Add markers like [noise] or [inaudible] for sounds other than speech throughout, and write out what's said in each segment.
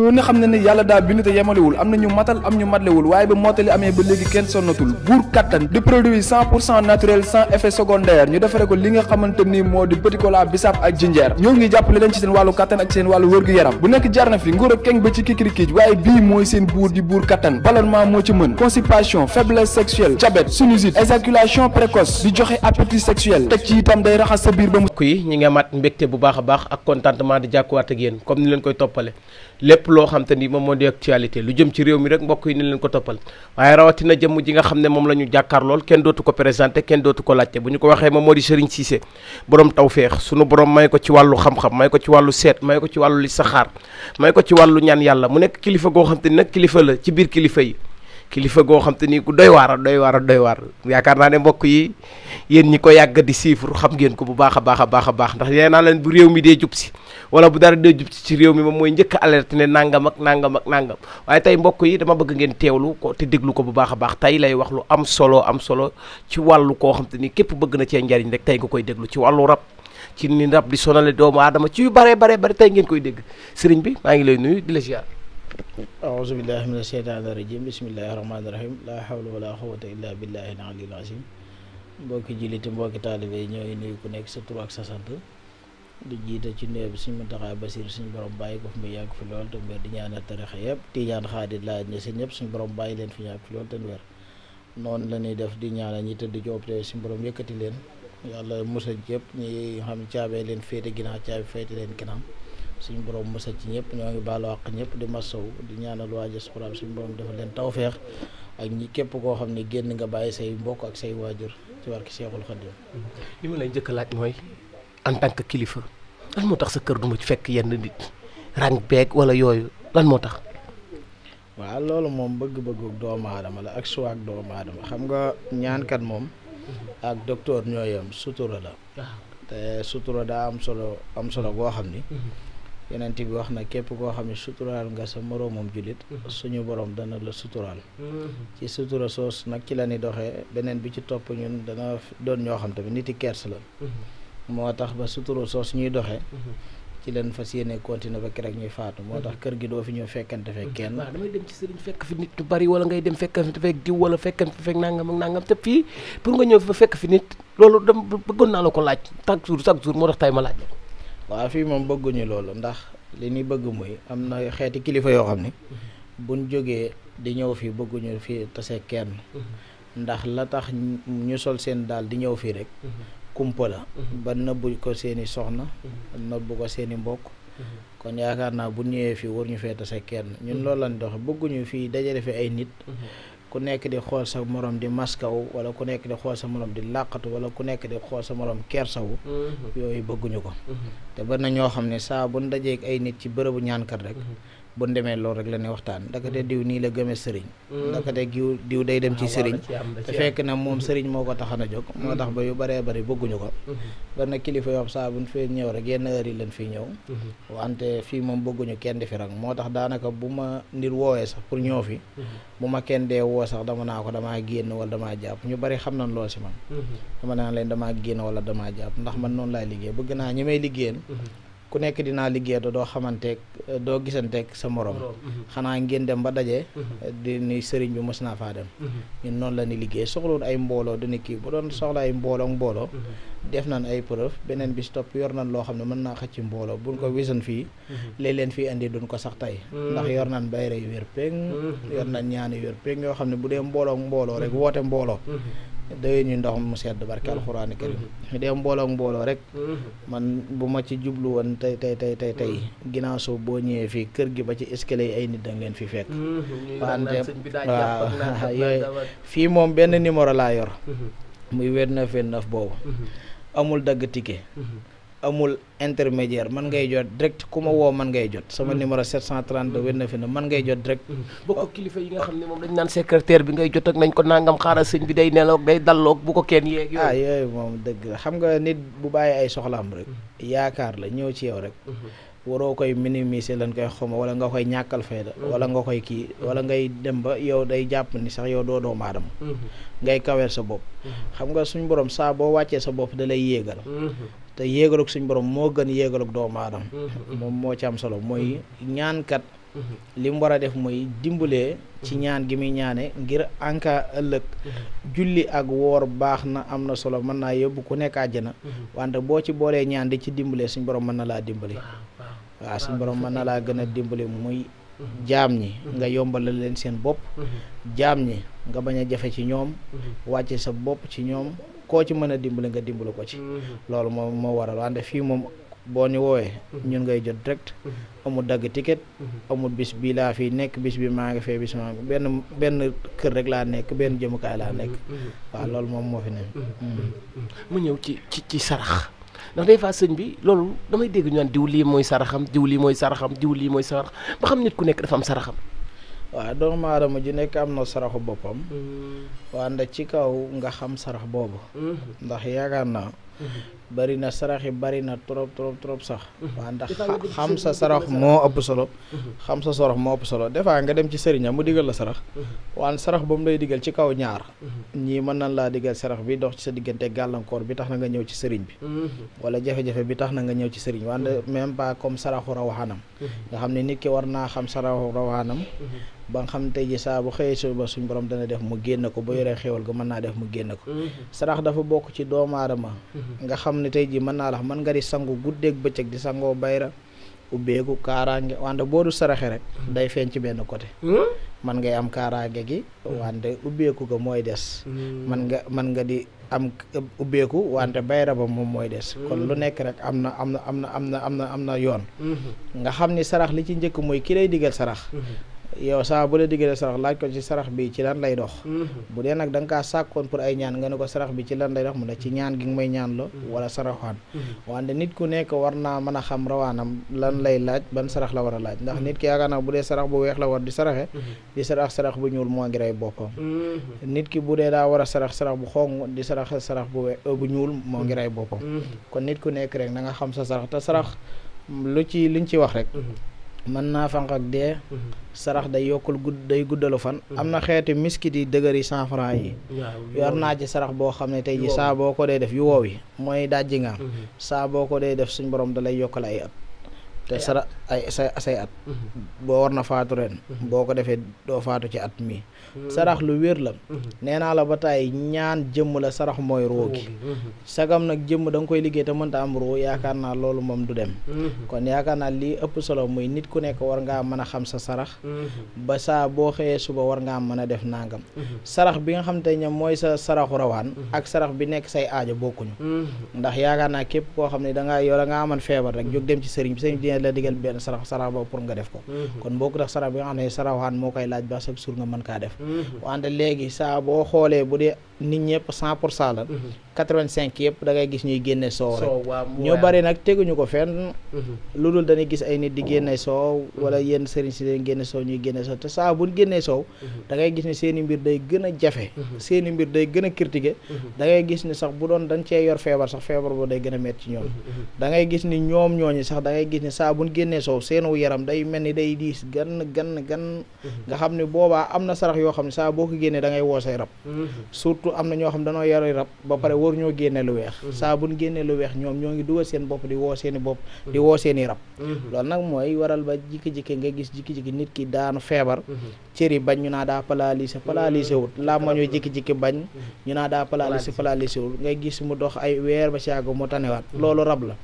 ku ne xam ne ne yàlla daa bind te yemalewul am na ñu matal am ñu matlewul waaye ba mottali amee ba léegi kenn sonnatul buur kattan di produit cent pour cent naturel sans effet secondaire ñu defare ko li nga xamante ni moo di petit cola bisaab ak jinjeer ñoo ngi jàppale leen ci seen wàllu kattan ak seen wàllu wërgu yaram bu nekk jarna fi nguur ak keng ba ci kikirikiij waaye bii mooy seen buur di buur kattan ballonnement moo ci mën constipation faiblesse sexuelle diabète précoce di joxe appétit sexuel ci itam day raxas sa biir ba mu kuy ñi nga mat mbégte bu baax a ak contentement di jàkkuwaat ak yéen comme ni leen koy toppale lépp loo xam te ni moom moo di actualité lu jëm ci réew mi rek mbokk yi ni leen ko toppal waaye rawatina jëmm ji nga xam ne moom la ñu jàkkaar lool kenn dootu ko présenté kenn dootu ko laajte bu ñu ko waxee moom moo di Serigne Cissé borom tawféex sunu borom may ko ci wàllu xam-xam may ko ci wàllu seet may ko ci wàllu li saxaar may ko ci wàllu ñaan yàlla mu nekk kilifa goo xam te ni nag kilifa la ci biir kilifa yi kilifa goo xam te ni ku doy waar doy waar doy waar yaakaar naa ne mbokk yi yéen ñi ko yàgg di siifur xam ngeen ko bu baax a baax a baax a baax ndax nee naa leen bu réew mi dee jub si wala bu dara dee jub si ci réew mi moom mooy njëkk a ne nangam ak nangam ak nangam waaye tey mbokk yi dama bëgg ngeen teewlu ko te déglu ko bu baax a baax tey lay wax lu am solo am solo ci wàllu koo xam te ni képp bëgg na cee njariñ rek tey nga koy déglu ci wàllu rab ci ni rab di sonale doomu aadama ci yu bare bare tey ngeen koy dégg sëriñ bi maa ngi lay nuyu la ziar aouzu billahi mina sheytaani rajim bismillahi rahmaani rahim laa hawla wala quwwata illa billahi al aliyyil azim mbokki jullit mbokki taalibe yi ñooy nuyu ku nekk sa tur ak sa sant di jiite ci nuyoo bi suñ Muntaxa Basiir suñ borom bàyyi ko fi mu yàgg fi lool te wér di ñaanal tarixa yëpp tiijaan xaadir laaj ñi si ñëpp suñ borom bàyyi leen fi yàgg fi lool te wér noonu la ñuy def di ñaanal ñi tëdd ci hôpital suñ borom yëkkati leen yàlla musal yëpp ñi xam caabee leen féete ginnaaw caabi féete leen suñu borom mësa ci ñëpp ñoo ngi baalu àq ñëpp di masaw di ñaanal waa diaspora bi suñu borom defal leen tawféex ak ñii képp koo xam ne génn nga bàyyi say mbokk ak say waajur ci barke Seexul Xadiim li ma lay njëkk laaj mooy en tant que kilifa lan moo tax sa kër du ci fekk yenn nit rang beeg wala yooyu lan moo tax. waa loolu moom bëgg-bëggu doomu aadama la ak suwaak doomu aadama xam nga ñaankat moom ak docteur ñooy am sutura la ah. te sutura daa am solo am solo goo xam ni. Mhm. yonent bi wax na képp koo xam ne suturaal nga sa moroomam jullit mhm. suñu borom dana la suturaal mhm. ci sutura soos nag ci la ni doxee beneen bi ci topp ñun dana doon ñoo xam tamit niti kers la mhm. moo tax ba sutura soos ñuy doxe ci leen fas yéene continuer ba keroog ñuy faatu moo tax kër gi doo fi ñëw fekkante fekk kenn waaw damay fekk fi nit du bari wala ngay dem fekkante fekk diw wala fekkante fekk nangam ak nangam te fii pour nga ñëw fi ba fekk fi nit loolu dem bëggoon naa la ko laaj chaque jour chaque jour moo tax tey ma laaj waa fii moom bëgguñu loolu ndax li ñuy bëgg mooy am na xeeti kilifa yoo xam ne buñ jógee di ñëw fii bëgguñu fii tase kenn ndax la tax ñu sol seen daal di ñëw fii rek kumpa la ba nëbbu ko seeni soxna nëbbu ko seeni mbokk kon yaakaar naa bu ñëwee fii war ñu fee tase kenn ñun lool lañ doxe bëgguñu fii dajale fi ay nit ku nekk di xool sa morom di maskawu wala ku nekk di xool sa morom di làqatu wala ku nekk di xool sa morom kersawu mm-hmm. yooyu bëgguñu ko mm-hmm. te bari na ñoo xam ne saa bu ñu dajee ak ay nit ci bërëbu ñaankat rek mm-hmm. bu ñu demee loolu rek la ñuy waxtaan ndakate mm-hmm. diw nii la gëmee sëriñ mm-hmm. ndakate giw diw day dem ci ah, sëriñ fekk na moom mm-hmm. sëriñ moo ko taxan a jóg moo tax ba yu bëree bëri bëgguñu ko bari na kilifa yoo xam saa buñ fee ñëw rek yenn heure yi lañ fiy ñëw wante fii moom bëgguñu kenn di fi rek moo tax daanaka bu ma nit woowee sax pour ñëw fi bu ma kenn dee woo sax dama naa ko damaa génn wala damaa jàpp ñu bëri xam nañ lool si man dama naa leen damaa génn wala damaa jàpp ndax man noonu laay liggéey bëgg naa ku nekk dinaa liggéey doo xamanteeg doo gisanteeg sa morom mhm. xanaa ngeen dem ba daje mhm. di ni sëriñ bi mos naa faa dem mhm. ñun noonu la ni liggéey soxlawul ay mbooloo dina kii bu doon soxla ay mbooloo mbooloo def na nañ ay preuve beneen bis topp yor na loo xam ne mën naa xëcc mbooloo buñ ko wisan fii léeg leen fii indi duñ ko sax tey ndax yor na bayre yu wér péng yor ñaan ñaani wér péng yoo xam ne bu dee mbooloo mbooloo rek woote mbooloo dayee ñu ndox mu sedd barke mm-hmm. alxuraani karim mm-hmm. ñu dee mbooloo mbooloo rek mm-hmm. man bu ma ci jublu woon tey tey tey tey tey ginnaaw soo boo ñëwee fii kër gi ba ci escalier yi ay nit da ngeen fi fekk wante waaw yooyu fii moom benn numéro laa yor muy 29 29 boobu amul dagg ticket amul intermédiaire man ngay jot direct ku ma woo man ngay jot. sama hmm. numéro 732 29 na man ngay jot direct. Hmm. bokk kilifa yi nga xam ne moom dañ naan secrétaire bi ngay jot ak nañ ko nangam xaaral sëñ bi day neloog day dalloog bu ko kenn yeeg. ah yooyu moom dëgg xam nga nit bu bàyyi ay am rek. Hmm. yaakaar la ñëw ci yow rek. waroo koy minimiser lan koy xoma wala nga koy ñàkkal fayda wala nga koy kii wala ngay dem ba yow day jàpp ni sax yow doo doomu aadama ngay kaweel sa bopp xam nga suñ borom saa boo wàccee sa bopp da lay yéegal te yéegal ak suñ borom moo gën yéegal doomu aadama mm-hmm. Mm-hmm. moom moo ci am solo mooy mm-hmm. ñaankat lim war a def mooy dimbalee ci ñaan gi muy ñaane ngir anka ëllëg julli ak woor baax na am na solo mën naa yóbbu ku nekk àjjana wante boo ci boolee ñaan di ci dimbalee suñ borom mën na laa dimbali waaw suñ borom mën na laa gën a dimbali muy jaam ñi nga yombalal leen seen bopp jaam ñi nga bañ a jafe ci ñoom wàcce sa bopp ci ñoom koo ci mën a dimbali nga dimbali ko ci mm-hmm. loolu moo moo waral wante fii moom boo ñu woowee mm-hmm. ñun ngay jot direct mm-hmm. amul dagg ticket amul bis bii laa fi nekk bis bi maa ngi fee bis maa ngi benn benn kër rek laa nekk benn jëmukaay laa nekk waaw loolu moom moo fi ne mu ñëw ci ci ci sarax ndax des fois sëñ bi loolu damay dégg ñu naan diw lii mooy saraxam diw lii mooy saraxam diw lii mooy sarax ba xam nit ku nekk dafam saraxam waaw doomu aadama ji nekk am na saraxu boppam mm-hmm. waa ndax ci kaw nga xam sarax boobu mm-hmm. ndax yaakaar naa mm-hmm. bari na sarax yi bari na trop trop trop sax waa ndax xam sa sarax moo ëpp solo xam sa sarax moo ëpp solo des fois nga dem ci sëriñ am mu digal la sarax waan sarax ba mu lay digal ci kaw ñaar ñii mën nañ laa digal sarax bi dox ci sa diggante gàllankoor bi tax na nga ñëw ci sëriñ bi wala jafe-jafe bi tax na nga ñëw ci sëriñ wante même pas comme saraxu rawaxaanam nga ne nit ki war saraxu rawaxaanam ba nga xam tey ji saa bu xëyee suba suñ borom dana def mu génn ko ba yoree xewal ko mën naa def mu génn ko mhm. sarax dafa bokk ci doomu aadama mhm. nga xam ne tey ji mën naa la mën nga di sangu guddeeg bëccëg di sangoo bayra ubbeeku kaaraange wante boo du saraxee rek mhm. day feeñ ci benn côté man hmm? ngay am kaaraange gi hmm. wante ubbeeku ko mooy des man hmm. nga man nga di am ubbeeku wante bayra ba moom mooy des kon lu nekk rek am na am na am na am na am na am na yoon nga xam ni sarax li ci njëkk mooy ki lay sarax yow saa bu la diggalee sarax laaj ko ci sarax bi ci lan lay dox mhm. bu dee nag da nga kaa sàkkoon pour ay ñaan nga ne ko sarax bi ci lan lay dox mu ne ci ñaan gi nga may ñaan la mhm. wala saraxaan mhm. wante nit ku nekk war naa mën a xam rawaanam lan lay laaj ban sarax la war a laaj ndax nit ki yaakaar naa bu dee sarax bu weex la war di saraxe di sarax sarax bu ñuul moo ngi rey boppam nit ki bu dee daa war a sarax sarax bu xong di sarax sarax bu we bu ñuul moo ngi rey boppam kon ku nekk rek na nga xam sa sarax te sarax lu ci liñ ci wax mën naa fanq ak dee mhm. sarax day yokkul gudd day guddalu fan mhm. am na xeeti miskit yi dëgër yi cent yi yor naa ci sarax boo xam ne tey ji mhm. saa boo ko dee def yu woow yi mooy dajji nga saa boo ko dee def suñ borom da lay yokkal ay te sara ay say say at mm-hmm. boo war na faatu ren mm-hmm. boo ko defee doo faatu ci at mi mm-hmm. sarax lu wér la nee naa la ba tàyyi ñaan jëmm la sarax mooy roo gi sagam nag jëmm da koy liggéey te mënta am roo yaakaar naa loolu moom du dem kon yaakaar naa lii ëpp solo muy nit ku nekk war ngaa mën a xam sa sarax ba saa boo xëyee suba war ngaa mën a def nangam sarax bi nga xam te ne mooy sa saraxu rawaan ak sarax bi nekk say aajo bokkuñu ndax yaakaar naa képp koo la digal benn sarax sarax boobu pour nga def ko mhm. kon bokkut ak sarax bi nga xam ne saraxaan moo koy laaj ba chaque jour nga mën kaa def mhm. wante léegi saa boo xoolee bu dee nit ñëpp cent pour cent la mhm. quatre-vingt-cinq yëpp da ngay gis ñuy génne soow rek ñoo bari nag teguñu ko fenn lu dul dañuy gis ay nit di génne oh. soow wala yenn sëriñ si leen génne soow génne soow te saabu génnee soow dangay gis ne seen i mbir day gën a jafe seen mbir day gën a critiqué da ngay gis ni sax bu doon dañ cee yor feebar sax feebar boo day gën a metti ci saa buñ génnee soow seenu yaram day mel ni day diis gan gan gan nga xam ne boobaa am na sarax yoo xam ne saa boo ko génnee da ngay woo say rab surtout am na ñoo xam ne danoo yari rab ba pare war ñoo génne lu weex mhm. saa buñ lu weex ñoom ñoo ngi dugal seen bopp di woo seen i mhm. woo seen i rab mhm. nag mooy waral ba jikki-jikki nga gis jikki-jikki nit ki daanu feebar cër yi bañ ñu naa daa paralysé paralysé wut laa ma ñoo jikki bañ ñu naa daa paralysé paralysé wut ngay gis mu dox ay weer ba si yàgg mu tanewaat loolu rab la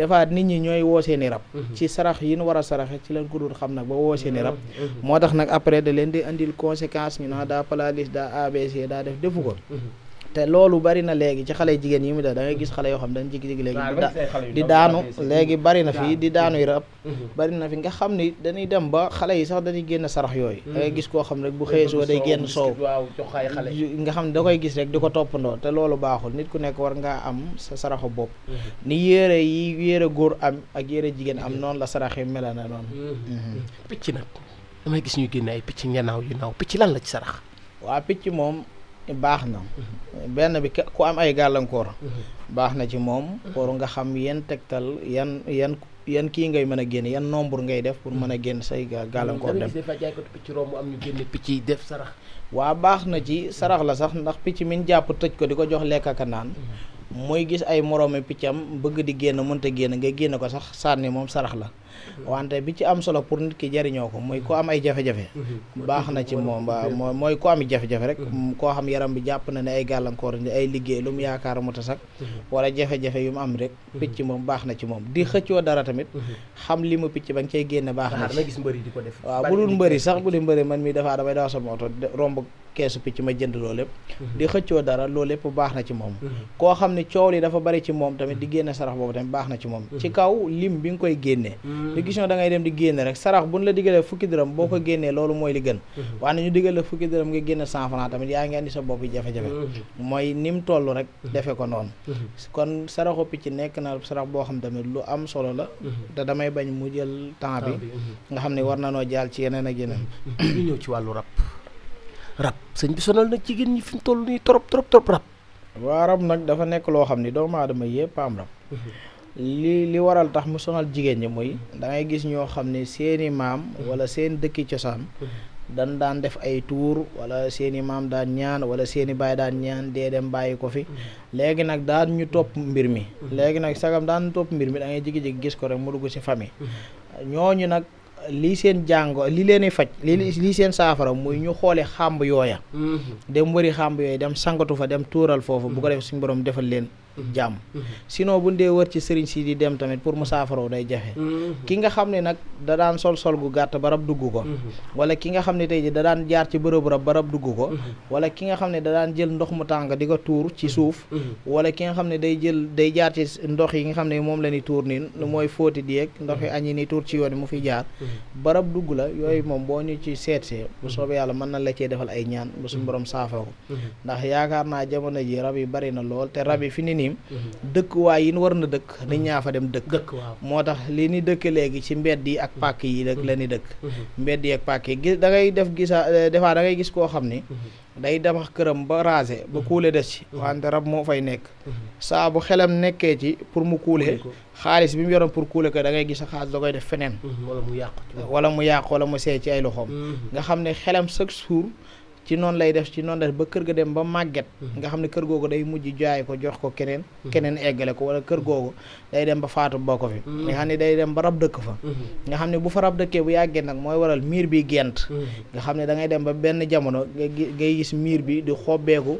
defaat nit ñi ñooy woo seen rab ci sarax yi nu war saraxe ci lañ ko dul xam nag ba woo seeni rab mhm, mhm. moo tax nag après da leen di indil conséquence ñu naa daa palalis daa abc daa def defu ko mhm, te loolu bari na léegi ci xale jigéen yi mu da da gis xale yoo xam dañ jékki-jékki léegi di daanu léegi mhm. bari na fi nga xam ni dañuy dem ba xale yi sax dañuy génn sarax yooyu da ngay mhm. gis koo xam rek bu xëyee suba day génn soow nga xam ne da koy gis rek di ko toppandoo te loolu baaxul nit ku nekk war ngaa am sa saraxu bopp mhm. ni yére yi yére góor am ak yére jigéen am noonu la sarax yi mel na noonu picc nag damay gis ñu génne ay picc ñanaaw yu naaw picc lan la ci sarax waa picc moom baax na mm-hmm. benn bi ku am ay gàllankoor mm-hmm. baax na ci moom mm-hmm. pour nga xam yan tegtal yan yan yan kii ngay mën a génn yan nombre ngay def pour mën a génn say gàllankoor dem picc romb am ñu génn picc yi def sarax waa baax na ci sarax la sax ndax picc min jàpp tëj ko di ko jox lekk ak naan mooy gis ay moroomi piccam bëgg di génn mënta génn ngay génn ko sax sànni moom sarax la wante bi ci am solo pour nit ki jariñoo ko mooy ku am ay jafe-jafe baax na ci moom waaw moo mooy ku am jafe-jafe rek mm-hmm. koo xam yaram bi jàpp na ne ay gàllankoor ni ay liggéey lu yaakaar mu tasak mm-hmm. wala jafe-jafe yu mu am rek mm-hmm. picc moom baax na ci moom di xëccoo dara tamit xam li mu picc ba nga cay génne baax na ci waaw bu dul mbëri sax bu dul mbëri man mi dafaa damay daw sama oto romb keesu picc ma jënd loolu lépp mhm. di xëccoo dara loolu lépp baax na ci moom mhm. koo xam ne coow li dafa bari ci moom tamit di mhm. génne sarax boobu tamit baax na ci moom ci kaw lim bi nga koy génnee di da génne rek sarax buñ la diggalee fukki dërëm boo ko génnee loolu mooy li gën waaye ñu diggalee fukki dërëm nga génne cent franc tamit yaa ngi sa bopp yi jafe-jafe mooy ni mu toll rek defe ko noonu kon saraxu picc am solo la te damay bañ mu jël temps bi nga xam ne war na noo jaal ci yeneen ak yeneen [coughs] ñu ñëw ci wàllu rab rab sëñ bi sonal nag jigéen ñi fi mu toll nii trop trop trop rab. waa rab nag dafa nekk loo xam ne doomu aadama yëpp am rab. li li waral tax mu sonal jigéen ñi mooy dangay gis ñoo xam ne seeni maam. wala seen dëkki cosaan. dan daan def ay tuur wala seeni maam daan ñaan wala seeni baay daan ñaan dee dem bàyyi ko fi léegi nag daan ñu topp mbir mi léegi nag sagam daan topp mbir mi da ngay jigi-jigi gis ko rek mu dugg ci famille mm-hmm. ñooñu nag lii seen jàngo li leen faj li mm-hmm. lii seen saafara muy ñu xoole xàmb yooya mm-hmm. dem wëri xàmb yooya dem sangatu fa dem tuural foofu bu ko mm-hmm. def suñu borom defal leen jàmm sinon bu dee wër ci sëriñ si di dem tamit pour mu saafaraw day jafe mm-hmm. ki nga xam ne nag da daan sol sol gu gàtt barab dugg ko mm-hmm. wala ki nga xam ne tey da daan jaar ci bërëb rab barab dugg ko mm-hmm. wala ki nga xam ne da daan jël ndox mu tàng di ko tuur ci suuf wala ki nga xam ne day jël day jaar ci ndox yi nga xam ne moom la ni tuur nii mooy fóoti di yeeg ndox yi añi ni tuur ci yoon mu fi jaar barab dugg la yooyu moom boo ñu ci seet see bu soobee yàlla mën na la cee defal ay ñaan bu suñu saafara Xadim dëkkuwaay yi war na dëkk nit ñaa fa dem dëkk moo tax li ni dëkk léegi ci mbedd yi ak pàkk yi rek la ni dëkk mhm. Mhm. mbedd yi ak pàkk yi gis da ngay def gisa eh, defaa da gis koo xam ni mhm. day tabax këram ba raser ba kuule des ci wante rab moo fay nekk saa bu xelam nekkee ci pour mu kuule xaalis bi mu yoroon pour kuule ko da ngay gis xaalis da koy def feneen wala mu yàqu wala mu yàqu ci ay loxoom nga xam ne xelam chaque jour ci noonu lay def ci noonu def ba kër ga dem ba màgget hmm. nga xam ne kër googu day mujj jaay ko jox ko keneen hmm. keneen eggale ko wala kër googu day dem ba faatu bokk fi hmm. nga xam ne day dem ba dëkk fa nga xam ne bu fa dëkkee bu yàggee nag mooy waral miir bi gent nga xam ne da dem ba benn jamono ngay gis miir bi di xobbeeku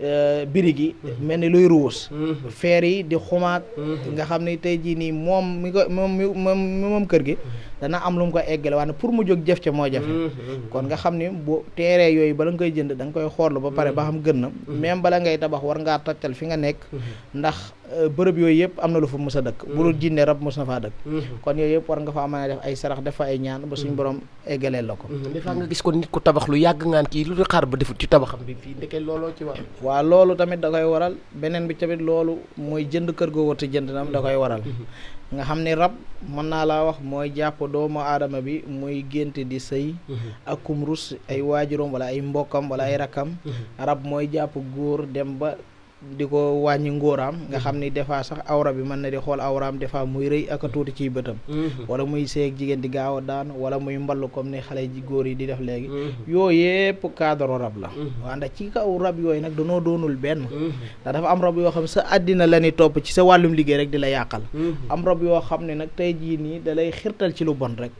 eh, biri gi mel ni luy ruus feer yi di xumaat nga xam ne tey jii nii moom mi moom moom moom kër gi dana am lu mu ko eggale waaye pour mu jóg jëf ca moo jafe mm-hmm. kon nga xam ni bu teere yooyu bala nga koy jënd danga koy xoolu ba pare ba mm-hmm. xam gën na mm-hmm. même bala ngay tabax war ngaa tojtal fi nga nekk ndax Euh, bërëb yooyu yëpp am na lu fa mos a dëkk bu dul jinne rab mos na faa dëkk mhm. kon yooyu yëpp war nga fa mën a def ay sarax def ay ñaan ba suñ mhm. borom eggaleel la ko mhm. des fois nga gis ko nit ku tabax lu lu loolu tamit da koy waral beneen bi tamit loolu mooy jënd kër goo wërta jënd nam da koy waral nga xam ni rab mën naa laa wax mooy jàpp doomu aadama bi mooy gént di sëy ak kumrus ay waajuram wala ay mbokkam wala ay rakam rab mooy jàpp góor dem ba di ko wàññi ngóoraam nga mhm. xam ni des fois sax awra bi mën na di xool awraam des fois muy rëy ak a tuuti ciy bëtam mhm. wala muy seeg jigéen di gaaw a daan wala muy mballu comme ni xale ji góor yi di def léegi mhm. yooyu yëpp cadre rab la waaw ndax ci kaw rab yooyu nag danoo doonul benn ndax dafa am yoo xam sa àddina la ni topp ci sa wàllum liggéey rek di la yàqal am rab yoo xam ne nag tey jii nii da lay xirtal ci lu bon rek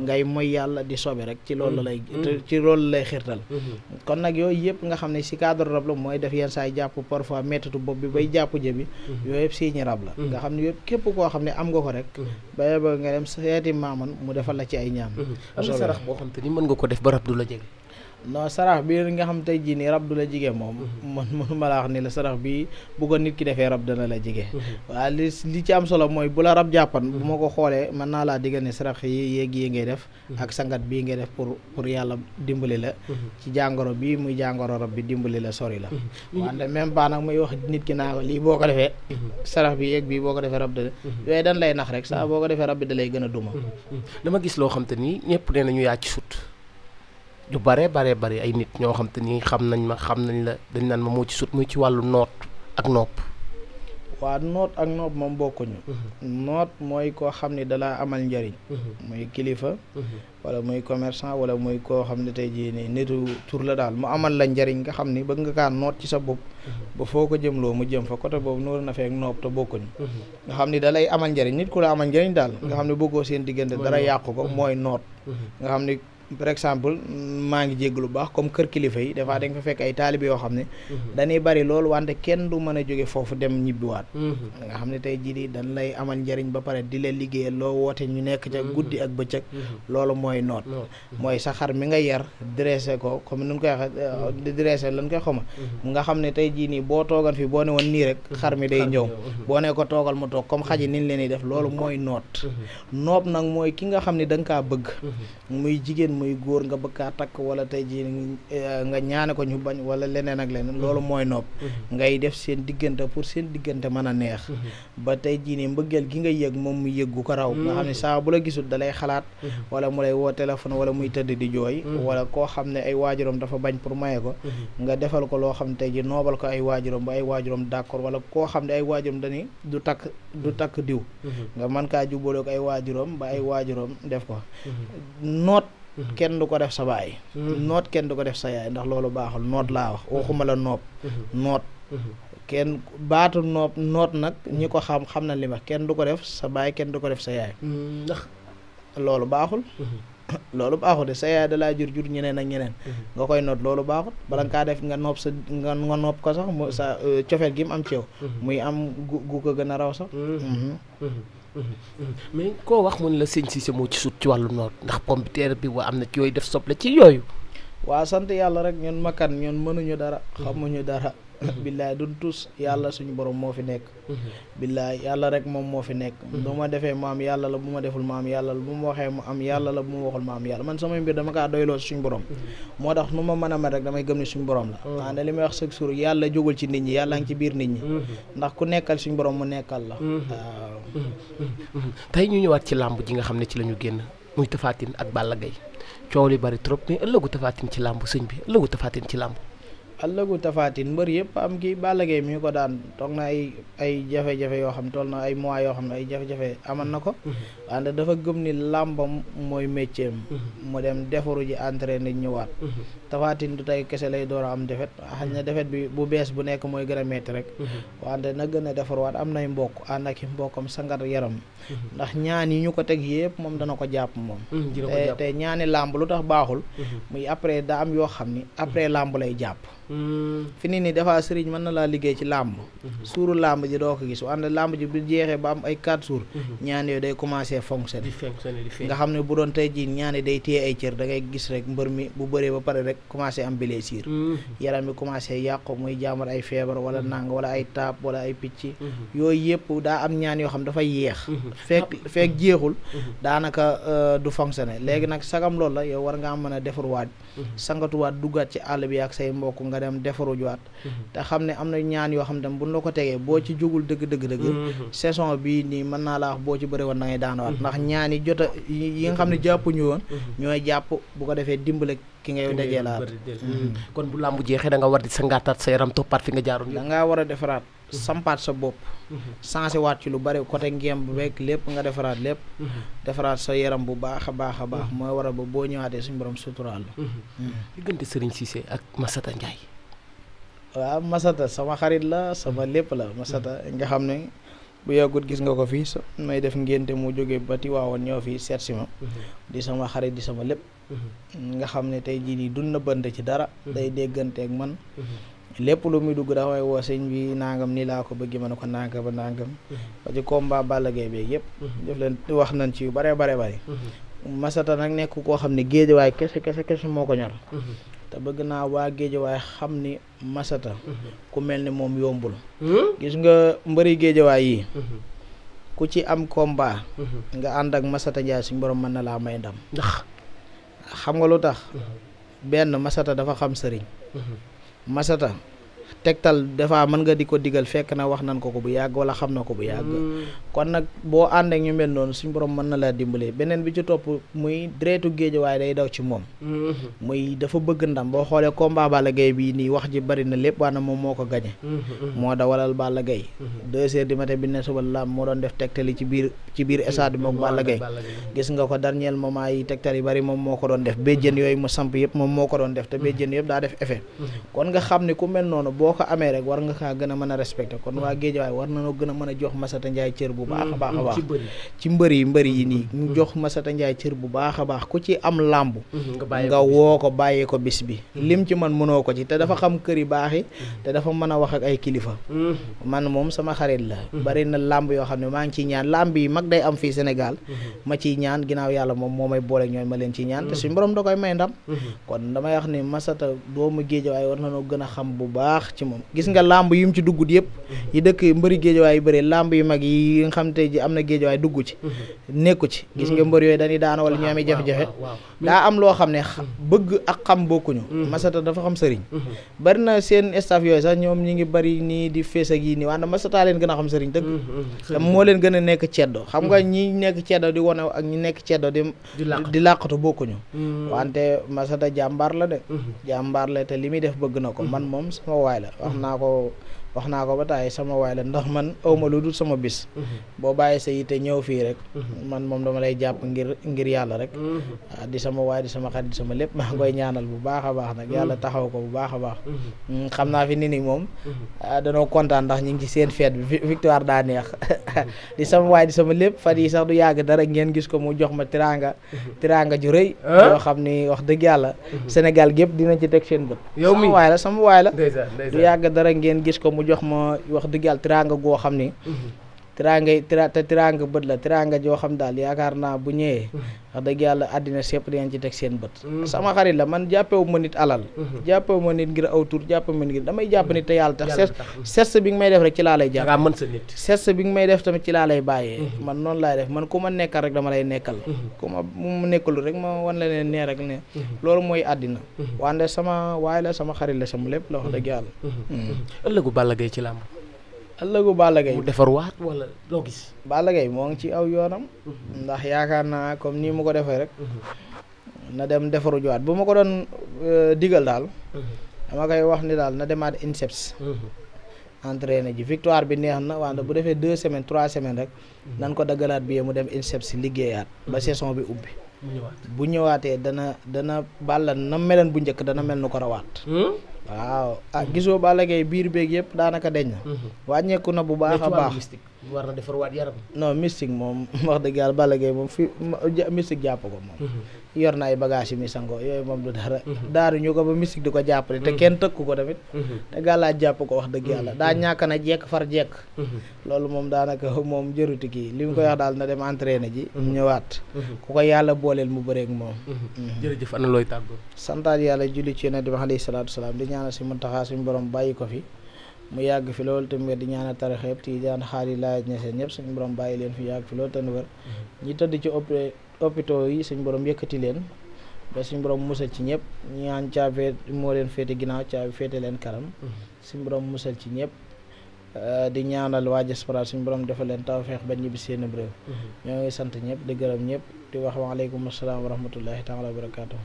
ngay moy yàlla di sobe rek ci loolu lay ci loolu xirtal kon nag yooyu yëpp nga xam ne si cadre rab la mooy def yenn saay jàpp parfois méttitu bopp bi bay jàpp jëbi mhm. yooyu yëpp signe rab la mhm. nga xam ne yëpp képp koo xam ne am nga ko rek baye mhm. ba nga dem seeti maaman mu defal la ci ay ñaan am sarax boo xam ni mën nga ko def ba rab du la jege non sarax bi nga xam tey jii nii rab du la jige moom. man mm-hmm. mënuma laa wax ni la sarax bi bu ko nit ki defee rab dana la jige. Mm-hmm. waaye li li ci am solo mooy bu la rab jàppan. bu mm-hmm. ko xoolee mën naa laa digal ne sarax yi yéeg yi ngay ak sangat bii ngay def pour pour yàlla dimbali la. ci jàngoro bii muy jàngoro rab bi dimbali la sori la. wante même pas nag muy wax ki naa lii boo ko defee. bi yéeg bii boo ko defee rab da yooyu lay nax rek saa boo ko defee rab bi da lay gën a duma. dama gis loo xam te ni ñëpp nee nañu yaa ci sut. ju bare bare bare ay nit ñoo xam te ni xam nañ ma xam nañ la dañ naan ma moo ci sut muy ci wàllu noot ak nopp waa noot ak nopp moom bokkuñu mm-hmm. noot mooy koo xam ne dalaa amal njariñ mm-hmm. muy kilifa mm-hmm. wala muy commerçant wala koo xam ne tey jii nii nitu la daal mu amal la njariñ nga xam ni bëgg nga kaa noot ci sa bopp ba foo ko mu jëm fa côté boobu noonu na feek nopp te bokkuñu nga xam ni dalay amal njariñ nit ku la amal njariñ daal nga xam ne bëggoo seen diggante dara yàqu ko mooy noot nga xam ni par exemple maa ngi jégg lu baax comme kër kilifa yi des fois da nga fa fekk ay taalib yoo xam ne mhm. dañuy bari loolu wante kenn du mën a jóge foofu dem ñibbiwaat mhm. nga xam ne tey jii di dañ lay amal njariñ ba pare di la liggéeyal loo woote ñu nekk ca mhm. guddi ak bëccëg loolu mooy noot mooy sa xar mi nga yar dressé ko comme nu mu koy waxee euh, dressé lan koy xoma nga xam ne tey jii nii boo toogal fi boo ne woon nii rek xar mi day ñëw boo ne ko toogal mu toog comme xaji niñ leen di def loolu mooy noot noob nag mooy ki nga xam ne da kaa bëgg muy jigéen muy góor nga bëgg kaa takk wala tey jii nga ñaane ko ñu bañ wala leneen ak leneen loolu mooy nopp mm-hmm. ngay def seen diggante pour seen diggante mën a neex mm-hmm. ba tey jii nii mbëggeel gi nga yëg moom mu yëggu ko raw nga xam ne mm-hmm. saa bu la gisul dalay xalaat wala mu lay woo téléphone wala muy tëdd di jooy wala koo xam ne ay waajuram dafa bañ pour maye ko nga defal ko loo xam tey ji noobal ko ay waajuram ba ay waajuram d'accord wala koo xam ne ay waajuram dañuy du takk du takk diw nga mën kaa jubbaloo ko ay waajuram ba ay waajuram Mm-hmm. kenn du ko def sa baay mm-hmm. noot kenn du ko def sa yaay ndax loolu baaxul noot laa wax mm-hmm. waxuma la noob noot kenn baatu noot noot nag ñi ko xam xam na li ma kenn du ko def sa baay kenn du ko def sa yaay ndax loolu baaxul [coughs] loolu baaxul de sa yaay da laa jur jur ñeneen ak ñeneen nga koy noot loolu baaxul bala nga kaa def nga nopp sa nga nga ko sax mu sa euh, cofeel gi mu am ci muy am gu gu ko gën a raw sax mais koo wax mun la sëñ Cissé moo ci sut ci wàllu noot ndax pomme de bi waa am na ci yooyu def soble ci yooyu. waa sant yàlla rek ñun makan ñun mënuñu dara. xamuñu dara. billaay du tus yàlla suñu borom moo fi nekk billaay yàlla rek moom moo fi nekk mhm. bu ma defee ma am yàlla la bu ma deful ma am yàlla la bu ma waxee ma am yàlla la bu ma waxul ma am yàlla man samay mbir dama kaa doyloo si suñu borom mhm. moo tax nu ma mën a mel rek damay gëm ne suñu borom la mhm. waa ne li may wax chaque jour yàlla jógul ci nit ñi yàllaa ngi ci biir nit ñi ndax ku nekkal suñu borom mu nekkal la waaw tey ñu ñëwaat ci làmb ji nga xam ne ci la ñu génn muy Tapha Tine ak Balla Gaye coow bari trop mais ëllëgu Tapha ci làmb sëñ bi ëllëgu Tapha Tine ci làmb ëllëgu tafaatin mbër yëpp am kii Balla Gaye mi ko daan toog na ay ay jafe-jafe yoo xam toll na ay mois yoo xam ne ay jafe-jafe aman na ko mhm. wante dafa gëm ni làmbam mooy métier mhm. mu dem defaru ji entraîné ñëwaat mhm. tafaatin du tey kese lay door a am defet xañ na defet bi bu bees bu nekk mooy gën rek wante na gën a defaruwaat am nay mbokk ànd ak i mbokkam yaram ndax ñaan yi ñu ko teg yëpp moom dana ko jàpp moom te ñaani làmb lu tax baaxul muy après daa am yoo xam ni après làmb lay jàpp fi nit ni dafa sëriñ mën na laa liggéey ci làmb mhm. suuru làmb ji doo ko gis wante làmb ji bu jeexee ba am ay quatre jours mhm. ñaan yooyu day commencé fonctionner nga xam ne bu doon tey jii ñaan day téye ay cër da ngay gis rek mbër mi bu bëree ba pare rek commencé am blessure mhm. yaram bi commencé yàqu muy jàmbar ay feebar wala nàng wala ay taab wala ay picc yooyu yëpp daa am ñaan yoo xam dafay yeex fekk ah. fekk jeexul daanaka euh, du fonctionner léegi nag sagam a Mhm. sangatuwaat duggaat ci àll bi ak say mbokk nga dem defarujuwaat mhm. te xam ne am na ñaan yoo xam ne buñ la ko tegee boo ci jugul dëgg dëgg dëgg mhm. saison bii nii mën naa laa wax boo ci bëri woon da ngay daanawaat ndax ñaan yi jot a yi nga xam ne jàppuñu woon ñooy jàpp bu ko defee dimbale ki ngay dajee laa mm-hmm. kon bu làmb jeexee da nga war di sa ngaataat sa yaram toppaat fi nga jaaroon da ngaa war a defaraat mm-hmm. sampaat sa bopp mm-hmm. changé waat ci lu bari côté ngéem bu beeg lépp nga defaraat lépp defaraat sa yaram bu baax a baax a baax mooy war a ba boo ñëwaatee suñu borom suturaal la diggante Serigne Cissé ak Massata Ndiaye waaw sama xarit la sama lépp la Massata nga xam ne bu yàggut gis nga ko fii may def ngénte mu jóge ba Tiwaawoon ñëw fii seet si ma mm-hmm. di sama xarit di sama lépp mm-hmm. nga xam ne tey jii nii dun na bënd ci dara mm-hmm. day dégganteeg man lépp lu muy dugg dafay woo sëñ bi nangam ni laa ko bëgg ma ne ko nangam ba nangam ba ci combat Balla Gaye beeg yëpp def leen wax nañ ci yu bare bare bare masata nag nekk koo xam ne géejawaay kese kese kese moo ko ñor te bëgg naa waa géejawaay xam ni masata ku mel ni moom yombul hmm? gis nga mbëri géejawaay yi hmm. ku ci am combat hmm. nga ànd ak masata Ndiaye suñ borom mën na laa may ndam ndax xam nga lu tax benn masata dafa xam sëriñ masata tegtal des fois mën nga di ko digal fekk na wax nan ko ko bu yàgg wala xam na ko bu yàgg. Mm. kon nag boo ànd ak ñu mel noonu suñu borom mën na laa dimbalee beneen bi ci topp muy deretu géej waaye day daw ci moom. Mm-hmm. muy dafa bëgg ndam boo xoolee combat Balla Gaye bii nii wax ji bari na lépp waana moom moo ko gañe mm-hmm. moo da walal gay Gaye. Mm-hmm. deux heures du matin bi ne suba laam moo doon def tegtal yi ci biir ci biir stade bi moom Balla Gaye gis nga ko dernier moment yi tegtal yi bari moom moo ko doon def béjjën yooyu mu samp yëpp moom moo ko doon def te béjjën yëpp daa def effet boo ko amee rek war nga kaa gën a mën a respecté kon waa Géejawaay war nanoo gën a mën a jox Masata Ndiaye cër bu baax a baax a mm-hmm. baax ci mbër yi mbër yi nii ñu mm-hmm. jox Masata Ndiaye cër bu baax a baax ku ci am làmb mm-hmm. nga woo ko bàyyi ko bis bi lim ci man mënoo ko ci te dafa xam kër yi baax te dafa mën a wax ak ay kilifa man moom sama xarit la bari na làmb yoo xam ne maa ngi ciy ñaan làmb yi mag day am fii Sénégal ma ciy ñaan ginnaaw yàlla moom moo may boole ñooy ma leen ci ñaan te suñu borom da koy may ndam kon damay a ci moom gis nga làmb yi mu ci duggut yëpp yi dëkk mbëri géejawaay yu bëri làmb yu mag yi nga xam te am na géejawaay dugg ci nekku ci gis nga mbër yooyu dañuy daana wala ñu amee jafe-jafe daa am loo xam ne hmm. bëgg ak xam bokkuñu hmm. masata dafa xam sëriñ hmm. bari na seen staff yooyu sax ñoom ñi ngi bari di fees ak yii nii wante masata leen gën a xam sëriñ moo leen gën a nekk ceddo xam nga ñi nekk ceddo di wonew ak ñi nekk ceddo di di làqatu bokkuñu wante masata jàmbaar la de jàmbaar la te li muy def bëgg na ko man moom sama waay la wax naa ko wax naa ko ba tàyyi sama waay la ndax man awma lu dul sama bis mhm. boo bàyyi sa yite ñëw fii rek mhm. man moom dama lay jàpp ngir ngir yàlla rek mhm. waaw di sama waay di sama xarit di sama lépp maa ngi a baax ko bu baax a baax mm, xam naa fi ni ni moom ah, danoo ñu ci seen fête bi victoire daa neex [laughs] di sama waay di sama lépp fan yi sax du yàgg dara ngeen gis ko mu jox ma tiranga tiranga ju rëy ah? yoo xam ni wax dëgg yàlla Sénégal gépp dina ci teg seen bët sama waay la sama waay la du yàgg dara ngeen gis ko mu jox ma wax dëgg yàlla teraanga goo xam ni mhm. teraangay te teraanga bët la teraanga joo xam daal yaakaar naa bu ñëwee hmm. wax dëgg yàlla àddina sépp dinañ ci teg seen bët hmm. sama xarit la man jàppewu ma nit alal hmm. jàppewu ma nit ngir aw tur jàppewu ma nit ngir damay jàpp nit te yàlla tax sess bi nga may def rek ci laa lay jàpp mën sa nit bi nga may def ci laa lay bàyyee man noonu laay def man ku ma nekkal rek dama lay nekkal ku ma mu nekkalu rek ma wan la ne nee rek ne loolu mooy àddina wante sama waaye la sama xarit la sama lépp la wax dëgg ëllëgu Balla Gaye mu defarwaat wala loo gis. Balla moo ngi ci aw yoonam. Mm-hmm. ndax yaakaar naa comme nii mu ko defee rek. Mm-hmm. na dem defaru juwaat bu ma ko doon euh, digal daal. Mm-hmm. dama koy wax ni daal na demaat INSEPS. entraîné ji victoire bi neex na wante bu defee deux semaines trois semaines rek. nan ko daggalaat bi mu dem INSEPS liggéeyaat. ba saison bi ubbi. bu ñëwaatee dana dana Balla na meleen bu njëkk dana mel nu ko rawaat. Hmm? waaw ah gisoo Balla biir beeg yëpp daanaka deñ na. Hmm. wàññeeku na bu baax a baax mystique war na defar waat yaram. non moom [laughs] wax dëgg yàlla Balla moom fi mystique jàpp ko moom. Hmm. yor na ay bagage yu muy sangoo yooyu moom du dara mhm. daaruñu ko ba mystique di ko jàppale te mhm. kenn tëkku ko tamit mhm. te gàllaa jàpp ko wax dëgg yàlla daa ñàkk na jekk far jekk loolu moom daanaka [laughs] moom jëruti kii li mu ko wax daal na dem entraîné ji ñëwaat ku ko yàlla booleel mu bëreek moom santaat yàlla julli ci yonent bi alayhi salaatu salaam di ñaanal si Muntaxa suñu borom bàyyi ko fi mu yàgg fi loolu te mu wér di ñaanal tarixa yëpp ti daan xaali laaj hôpitaux yi suñ borom yëkkati leen ba suñ borom musal ci ñëpp ñi naan caabi moo leen féete ginnaaw caabi féete leen kanam mhm. suñ borom musal ci ñëpp euh, di ñaanal waa diaspora suñ borom defal leen tawfeex ba ñibbi seen réew mhm. ñoo ngi sant ñëpp di gërëm ñëpp di wax waaleykum asalaam wa rahmatullahi taala